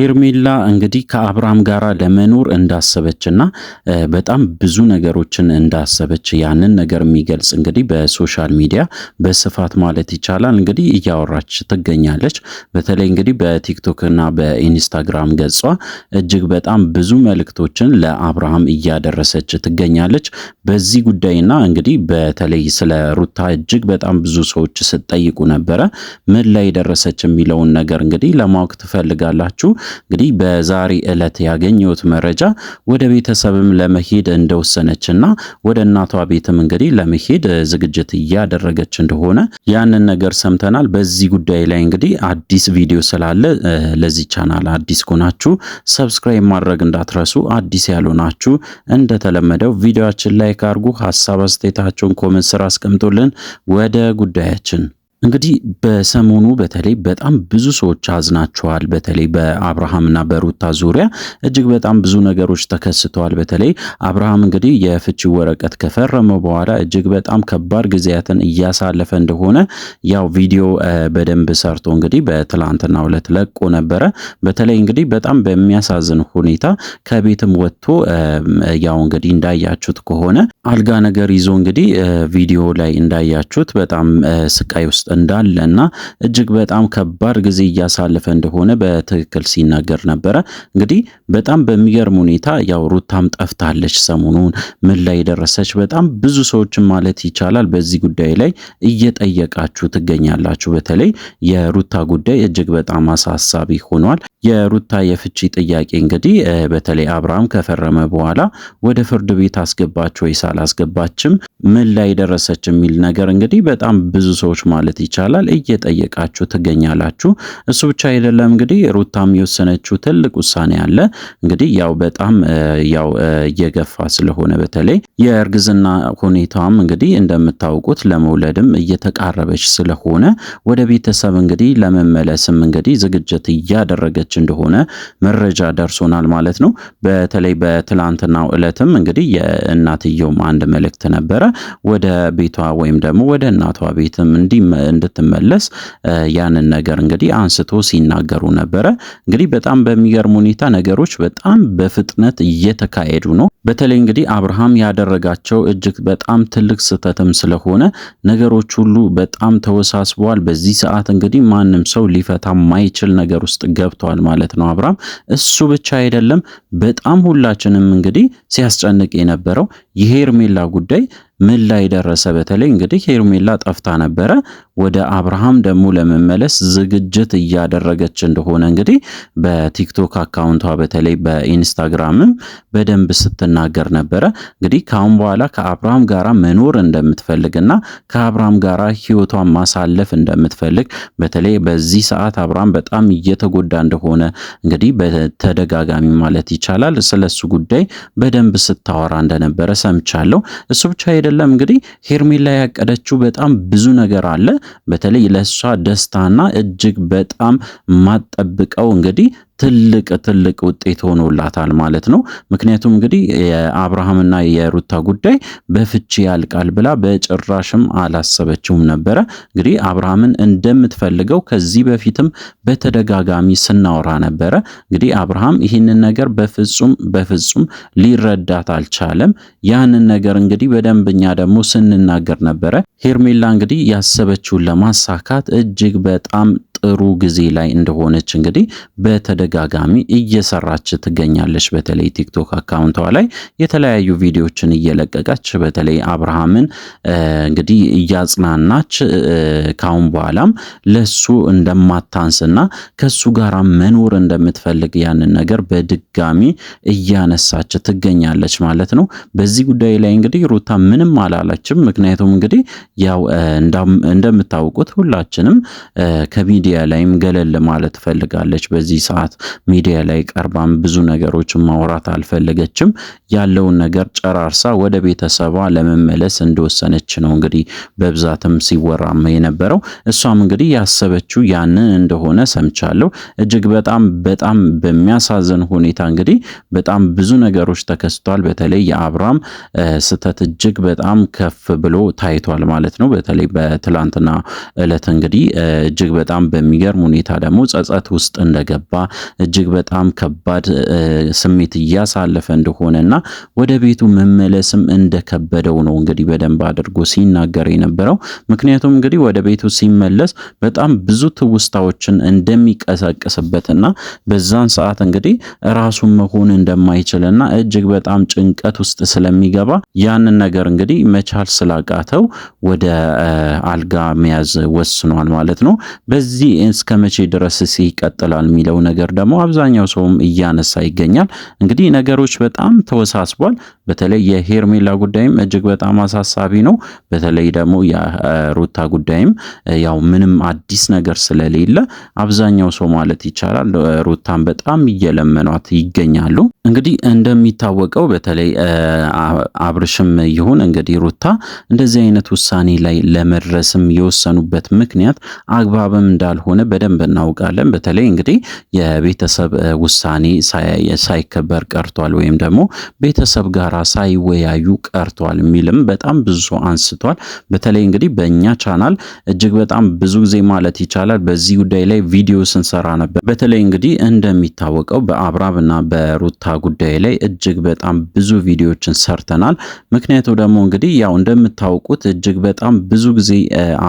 ሄርሜላ እንግዲህ ከአብርሃም ጋር ለመኖር እንዳሰበችና በጣም ብዙ ነገሮችን እንዳሰበች ያንን ነገር የሚገልጽ እንግዲህ በሶሻል ሚዲያ በስፋት ማለት ይቻላል እንግዲህ እያወራች ትገኛለች። በተለይ እንግዲህ በቲክቶክ እና በኢንስታግራም ገጿ እጅግ በጣም ብዙ መልእክቶችን ለአብርሃም እያደረሰች ትገኛለች። በዚህ ጉዳይና እንግዲህ በተለይ ስለ ሩታ እጅግ በጣም ብዙ ሰዎች ስትጠይቁ ነበረ። ምን ላይ ደረሰች የሚለውን ነገር እንግዲህ ለማወቅ ትፈልጋላችሁ። እንግዲህ በዛሬ ዕለት ያገኘሁት መረጃ ወደ ቤተሰብም ለመሄድ እንደወሰነችና ወደ እናቷ ቤትም እንግዲህ ለመሄድ ዝግጅት እያደረገች እንደሆነ ያንን ነገር ሰምተናል። በዚህ ጉዳይ ላይ እንግዲህ አዲስ ቪዲዮ ስላለ ለዚህ ቻናል አዲስ ከሆናችሁ ሰብስክራይብ ማድረግ እንዳትረሱ። አዲስ ያልሆናችሁ እንደተለመደው ቪዲዮችን ላይክ አድርጉ። ሀሳብ አስተያየታችሁን ኮመንት ስራ አስቀምጡልን። ወደ ጉዳያችን እንግዲህ በሰሞኑ በተለይ በጣም ብዙ ሰዎች አዝናቸዋል። በተለይ በአብርሃምና በሩታ ዙሪያ እጅግ በጣም ብዙ ነገሮች ተከስተዋል። በተለይ አብርሃም እንግዲህ የፍቺ ወረቀት ከፈረመ በኋላ እጅግ በጣም ከባድ ጊዜያትን እያሳለፈ እንደሆነ ያው ቪዲዮ በደንብ ሰርቶ እንግዲህ በትላንትና ዕለት ለቆ ነበረ። በተለይ እንግዲህ በጣም በሚያሳዝን ሁኔታ ከቤትም ወጥቶ ያው እንግዲህ እንዳያችሁት ከሆነ አልጋ ነገር ይዞ እንግዲህ ቪዲዮ ላይ እንዳያችሁት በጣም ስቃይ ውስጥ እንዳለ እና እጅግ በጣም ከባድ ጊዜ እያሳለፈ እንደሆነ በትክክል ሲናገር ነበረ። እንግዲህ በጣም በሚገርም ሁኔታ ያው ሩታም ጠፍታለች። ሰሞኑን ምን ላይ ደረሰች? በጣም ብዙ ሰዎችን ማለት ይቻላል በዚህ ጉዳይ ላይ እየጠየቃችሁ ትገኛላችሁ። በተለይ የሩታ ጉዳይ እጅግ በጣም አሳሳቢ ሆኗል። የሩታ የፍቺ ጥያቄ እንግዲህ በተለይ አብርሃም ከፈረመ በኋላ ወደ ፍርድ ቤት አስገባች ወይስ አላስገባችም፣ ምን ላይ ደረሰች የሚል ነገር እንግዲህ በጣም ብዙ ሰዎች ማለት ይቻላል እየጠየቃችሁ ትገኛላችሁ። እሱ ብቻ አይደለም እንግዲህ ሩታም የወሰነችው ትልቅ ውሳኔ አለ። እንግዲህ ያው በጣም ያው እየገፋ ስለሆነ በተለይ የእርግዝና ሁኔታም እንግዲህ እንደምታውቁት ለመውለድም እየተቃረበች ስለሆነ ወደ ቤተሰብ እንግዲህ ለመመለስም እንግዲህ ዝግጅት እያደረገች እንደሆነ መረጃ ደርሶናል ማለት ነው። በተለይ በትላንትናው ዕለትም እንግዲህ የእናትየውም አንድ መልእክት ነበረ ወደ ቤቷ ወይም ደግሞ ወደ እናቷ ቤትም እንዲ እንድትመለስ ያንን ነገር እንግዲህ አንስቶ ሲናገሩ ነበረ። እንግዲህ በጣም በሚገርም ሁኔታ ነገሮች በጣም በፍጥነት እየተካሄዱ ነው። በተለይ እንግዲህ አብርሃም ያደረጋቸው እጅግ በጣም ትልቅ ስህተትም ስለሆነ ነገሮች ሁሉ በጣም ተወሳስበዋል። በዚህ ሰዓት እንግዲህ ማንም ሰው ሊፈታ ማይችል ነገር ውስጥ ገብቷል ማለት ነው አብርሃም። እሱ ብቻ አይደለም፣ በጣም ሁላችንም እንግዲህ ሲያስጨንቅ የነበረው የሄርሜላ ጉዳይ ምን ላይ ደረሰ? በተለይ እንግዲህ ሄርሜላ ጠፍታ ነበረ። ወደ አብርሃም ደግሞ ለመመለስ ዝግጅት እያደረገች እንደሆነ እንግዲህ በቲክቶክ አካውንቷ በተለይ በኢንስታግራምም በደንብ ስትናገር ነበረ። እንግዲህ ካሁን በኋላ ከአብርሃም ጋራ መኖር እንደምትፈልግና ከአብርሃም ጋራ ህይወቷን ማሳለፍ እንደምትፈልግ በተለይ በዚህ ሰዓት አብርሃም በጣም እየተጎዳ እንደሆነ እንግዲህ በተደጋጋሚ ማለት ይቻላል ስለሱ ጉዳይ በደንብ ስታወራ እንደነበረ ሰምቻለሁ። እሱ ብቻ ሄደ አይደለም እንግዲህ ሄርሜላ ያቀደችው በጣም ብዙ ነገር አለ። በተለይ ለእሷ ደስታና እጅግ በጣም ማጠብቀው እንግዲህ ትልቅ ትልቅ ውጤት ሆኖላታል ማለት ነው። ምክንያቱም እንግዲህ የአብርሃምና የሩታ ጉዳይ በፍቺ ያልቃል ብላ በጭራሽም አላሰበችውም ነበረ። እንግዲህ አብርሃምን እንደምትፈልገው ከዚህ በፊትም በተደጋጋሚ ስናወራ ነበረ። እንግዲህ አብርሃም ይህንን ነገር በፍጹም በፍጹም ሊረዳት አልቻለም። ያንን ነገር እንግዲህ በደንብኛ ደግሞ ስንናገር ነበረ ሄርሜላ እንግዲህ ያሰበችውን ለማሳካት እጅግ በጣም ጥሩ ጊዜ ላይ እንደሆነች እንግዲህ በተደጋጋሚ እየሰራች ትገኛለች። በተለይ ቲክቶክ አካውንቷ ላይ የተለያዩ ቪዲዮችን እየለቀቀች በተለይ አብርሃምን እንግዲህ እያጽናናች ካሁን በኋላም ለሱ እንደማታንስና ከሱ ጋር መኖር እንደምትፈልግ ያንን ነገር በድጋሚ እያነሳች ትገኛለች ማለት ነው። በዚህ ጉዳይ ላይ እንግዲህ ሩታ ምንም አላለችም። ምክንያቱም እንግዲህ ያው እንደምታውቁት ሁላችንም ከሚዲያ ሚዲያ ላይም ገለል ማለት ፈልጋለች። በዚህ ሰዓት ሚዲያ ላይ ቀርባም ብዙ ነገሮችን ማውራት አልፈለገችም። ያለውን ነገር ጨራርሳ ወደ ቤተሰቧ ለመመለስ እንደወሰነች ነው እንግዲህ በብዛትም ሲወራም የነበረው። እሷም እንግዲህ ያሰበችው ያንን እንደሆነ ሰምቻለሁ። እጅግ በጣም በጣም በሚያሳዝን ሁኔታ እንግዲህ በጣም ብዙ ነገሮች ተከስቷል። በተለይ የአብራም ስህተት እጅግ በጣም ከፍ ብሎ ታይቷል ማለት ነው። በተለይ በትላንትና ዕለት እንግዲህ እጅግ በጣም በሚገርም ሁኔታ ደግሞ ጸጸት ውስጥ እንደገባ እጅግ በጣም ከባድ ስሜት እያሳለፈ እንደሆነና ወደ ቤቱ መመለስም እንደከበደው ነው እንግዲህ በደንብ አድርጎ ሲናገር የነበረው። ምክንያቱም እንግዲህ ወደ ቤቱ ሲመለስ በጣም ብዙ ትውስታዎችን እንደሚቀሰቅስበትና በዛን ሰዓት እንግዲህ ራሱን መሆን እንደማይችልና እጅግ በጣም ጭንቀት ውስጥ ስለሚገባ ያንን ነገር እንግዲህ መቻል ስላቃተው ወደ አልጋ መያዝ ወስኗል ማለት ነው። በዚህ እስከ መቼ ድረስስ ይቀጥላል የሚለው ነገር ደግሞ አብዛኛው ሰውም እያነሳ ይገኛል። እንግዲህ ነገሮች በጣም ተወሳስቧል። በተለይ የሄርሜላ ጉዳይም እጅግ በጣም አሳሳቢ ነው። በተለይ ደግሞ የሩታ ጉዳይም ያው ምንም አዲስ ነገር ስለሌለ አብዛኛው ሰው ማለት ይቻላል ሩታን በጣም እየለመኗት ይገኛሉ። እንግዲህ እንደሚታወቀው በተለይ አብርሽም ይሁን እንግዲህ ሩታ እንደዚህ አይነት ውሳኔ ላይ ለመድረስም የወሰኑበት ምክንያት አግባብም እንዳል እንዳልሆነ በደንብ እናውቃለን። በተለይ እንግዲህ የቤተሰብ ውሳኔ ሳይከበር ቀርቷል ወይም ደግሞ ቤተሰብ ጋር ሳይወያዩ ቀርቷል የሚልም በጣም ብዙ አንስቷል። በተለይ እንግዲህ በእኛ ቻናል እጅግ በጣም ብዙ ጊዜ ማለት ይቻላል በዚህ ጉዳይ ላይ ቪዲዮ ስንሰራ ነበር። በተለይ እንግዲህ እንደሚታወቀው በአብራም እና በሩታ ጉዳይ ላይ እጅግ በጣም ብዙ ቪዲዮዎችን ሰርተናል። ምክንያቱ ደግሞ እንግዲህ ያው እንደምታውቁት እጅግ በጣም ብዙ ጊዜ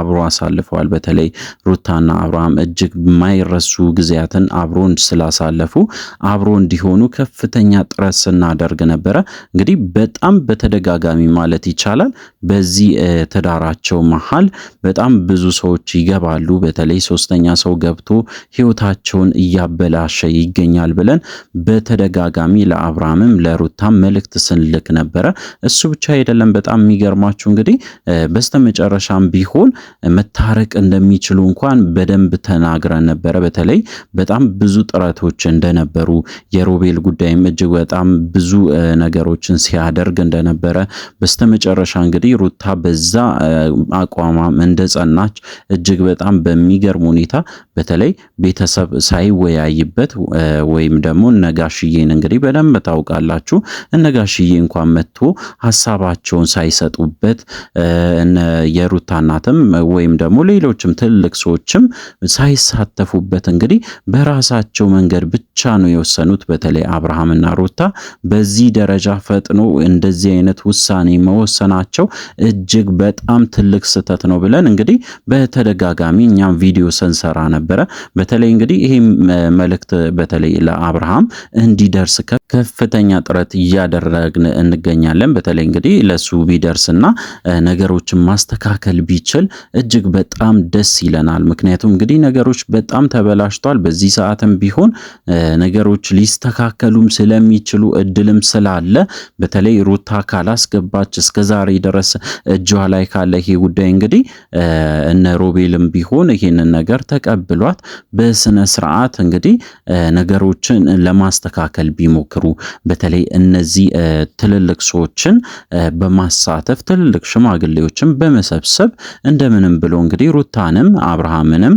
አብሮ አሳልፈዋል። በተለይ ሩታና አብሮ በስራም እጅግ የማይረሱ ጊዜያትን አብሮ ስላሳለፉ አብሮ እንዲሆኑ ከፍተኛ ጥረት ስናደርግ ነበረ። እንግዲህ በጣም በተደጋጋሚ ማለት ይቻላል በዚህ ትዳራቸው መሀል በጣም ብዙ ሰዎች ይገባሉ። በተለይ ሶስተኛ ሰው ገብቶ ህይወታቸውን እያበላሸ ይገኛል ብለን በተደጋጋሚ ለአብርሃምም ለሩታም መልእክት ስንልክ ነበረ። እሱ ብቻ አይደለም። በጣም የሚገርማችሁ እንግዲህ በስተመጨረሻም ቢሆን መታረቅ እንደሚችሉ እንኳን በደ በደንብ ተናግረን ነበረ። በተለይ በጣም ብዙ ጥረቶች እንደነበሩ የሮቤል ጉዳይም እጅግ በጣም ብዙ ነገሮችን ሲያደርግ እንደነበረ በስተመጨረሻ እንግዲህ ሩታ በዛ አቋማም እንደጸናች እጅግ በጣም በሚገርም ሁኔታ በተለይ ቤተሰብ ሳይወያይበት ወይም ደግሞ እነጋሽዬን እንግዲህ በደንብ ታውቃላችሁ። እነጋሽዬ እንኳን መጥቶ ሀሳባቸውን ሳይሰጡበት የሩታ እናትም ወይም ደግሞ ሌሎችም ትልቅ ሰዎችም ሳይሳተፉበት እንግዲህ በራሳቸው መንገድ ብቻ ነው የወሰኑት። በተለይ አብርሃምና ሩታ በዚህ ደረጃ ፈጥኖ እንደዚህ አይነት ውሳኔ መወሰናቸው እጅግ በጣም ትልቅ ስህተት ነው ብለን እንግዲህ በተደጋጋሚ እኛም ቪዲዮ ስንሰራ ነበረ። በተለይ እንግዲህ ይሄ መልእክት በተለይ ለአብርሃም እንዲደርስ ከፍተኛ ጥረት እያደረግን እንገኛለን። በተለይ እንግዲህ ለሱ ቢደርስና ነገሮችን ማስተካከል ቢችል እጅግ በጣም ደስ ይለናል። ምክንያቱም እንግዲህ ነገሮች በጣም ተበላሽቷል። በዚህ ሰዓትም ቢሆን ነገሮች ሊስተካከሉም ስለሚችሉ እድልም ስላለ በተለይ ሩታ ካላስገባች እስከ ዛሬ ድረስ እጇ ላይ ካለ ይሄ ጉዳይ እንግዲህ እነ ሮቤልም ቢሆን ይሄንን ነገር ተቀብሏት በስነ ስርዓት እንግዲህ ነገሮችን ለማስተካከል ቢሞክሩ በተለይ እነዚህ ትልልቅ ሰዎችን በማሳተፍ ትልልቅ ሽማግሌዎችን በመሰብሰብ እንደምንም ብሎ እንግዲህ ሩታንም አብርሃምንም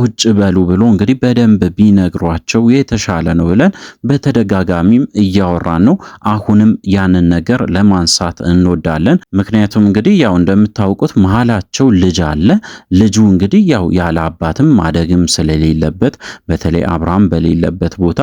ቁጭ በሉ ብሎ እንግዲህ በደንብ ቢነግሯቸው የተሻለ ነው ብለን በተደጋጋሚም እያወራን ነው። አሁንም ያንን ነገር ለማንሳት እንወዳለን። ምክንያቱም እንግዲህ ያው እንደምታውቁት መሀላቸው ልጅ አለ። ልጁ እንግዲህ ያው ያለ አባትም ማደግም ስለሌለበት በተለይ አብርሃም በሌለበት ቦታ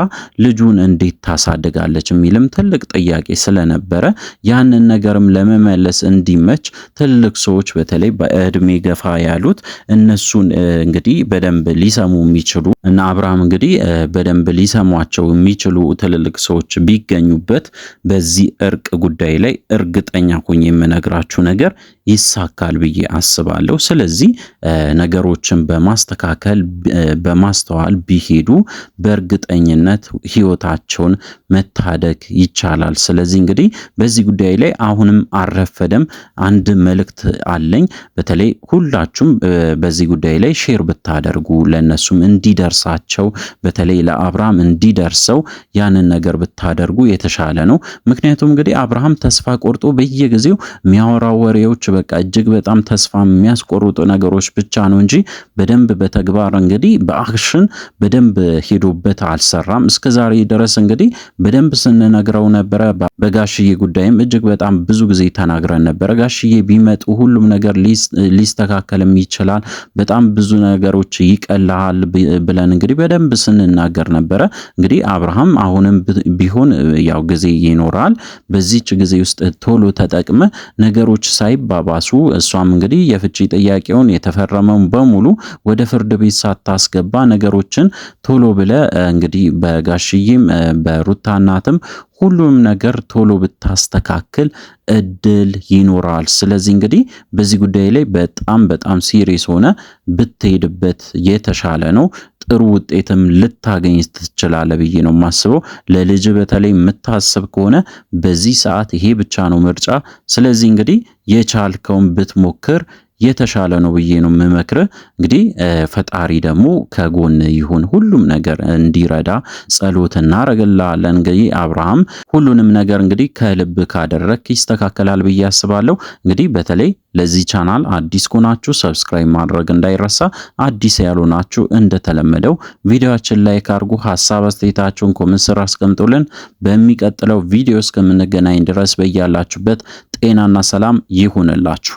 ልጁን እንዴት ታሳድጋለች የሚልም ትልቅ ጥያቄ ስለነበረ ያንን ነገርም ለመመለስ እንዲመች ትልቅ ሰዎች በተለይ በእድሜ ገፋ ያሉት እነሱን እንግዲህ በደንብ በደንብ ሊሰሙ የሚችሉ እና አብርሃም እንግዲህ በደንብ ሊሰሟቸው የሚችሉ ትልልቅ ሰዎች ቢገኙበት በዚህ እርቅ ጉዳይ ላይ እርግጠኛ ሆኜ የምነግራችሁ ነገር ይሳካል ብዬ አስባለሁ። ስለዚህ ነገሮችን በማስተካከል በማስተዋል ቢሄዱ በእርግጠኝነት ህይወታቸውን መታደግ ይቻላል። ስለዚህ እንግዲህ በዚህ ጉዳይ ላይ አሁንም አረፈደም አንድ መልእክት አለኝ። በተለይ ሁላችሁም በዚህ ጉዳይ ላይ ሼር ብታደርጉ ለእነሱም እንዲደርሳቸው በተለይ ለአብርሃም እንዲደርሰው ያንን ነገር ብታደርጉ የተሻለ ነው። ምክንያቱም እንግዲህ አብርሃም ተስፋ ቆርጦ በየጊዜው የሚያወራው ወሬዎች በቃ እጅግ በጣም ተስፋ የሚያስቆርጡ ነገሮች ብቻ ነው እንጂ በደንብ በተግባር እንግዲህ በአክሽን በደንብ ሄዶበት አልሰራም። እስከ ዛሬ ድረስ እንግዲህ በደንብ ስንነግረው ነበረ። በጋሽዬ ጉዳይም እጅግ በጣም ብዙ ጊዜ ተናግረን ነበረ። ጋሽዬ ቢመጡ ሁሉም ነገር ሊስተካከልም ይችላል፣ በጣም ብዙ ነገሮች ይቀልሃል ብለን እንግዲህ በደንብ ስንናገር ነበረ። እንግዲህ አብርሃም አሁንም ቢሆን ያው ጊዜ ይኖራል። በዚች ጊዜ ውስጥ ቶሎ ተጠቅመ ነገሮች ሳይባ ባሱ እሷም እንግዲህ የፍቺ ጥያቄውን የተፈረመው በሙሉ ወደ ፍርድ ቤት ሳታስገባ ነገሮችን ቶሎ ብለ እንግዲህ በጋሽዬም በሩታ እናትም ሁሉም ነገር ቶሎ ብታስተካክል እድል ይኖራል። ስለዚህ እንግዲህ በዚህ ጉዳይ ላይ በጣም በጣም ሲሪየስ ሆነ ብትሄድበት የተሻለ ነው። ጥሩ ውጤትም ልታገኝ ትችላለ ብዬ ነው የማስበው። ለልጅ በተለይ የምታስብ ከሆነ በዚህ ሰዓት ይሄ ብቻ ነው ምርጫ። ስለዚህ እንግዲህ የቻልከውን ብትሞክር የተሻለ ነው ብዬ ነው የምመክር። እንግዲህ ፈጣሪ ደግሞ ከጎን ይሁን፣ ሁሉም ነገር እንዲረዳ ጸሎት እናረግላለን። እንግዲህ አብርሃም ሁሉንም ነገር እንግዲህ ከልብ ካደረግ ይስተካከላል ብዬ አስባለሁ። እንግዲህ በተለይ ለዚህ ቻናል አዲስ ከሆናችሁ ሰብስክራይብ ማድረግ እንዳይረሳ፣ አዲስ ያልሆናችሁ እንደተለመደው ቪዲዮችን ላይ ካርጉ፣ ሀሳብ አስተያየታችሁን ኮሜንት ስር አስቀምጡልን። በሚቀጥለው ቪዲዮ እስከምንገናኝ ድረስ በያላችሁበት ጤናና ሰላም ይሁንላችሁ።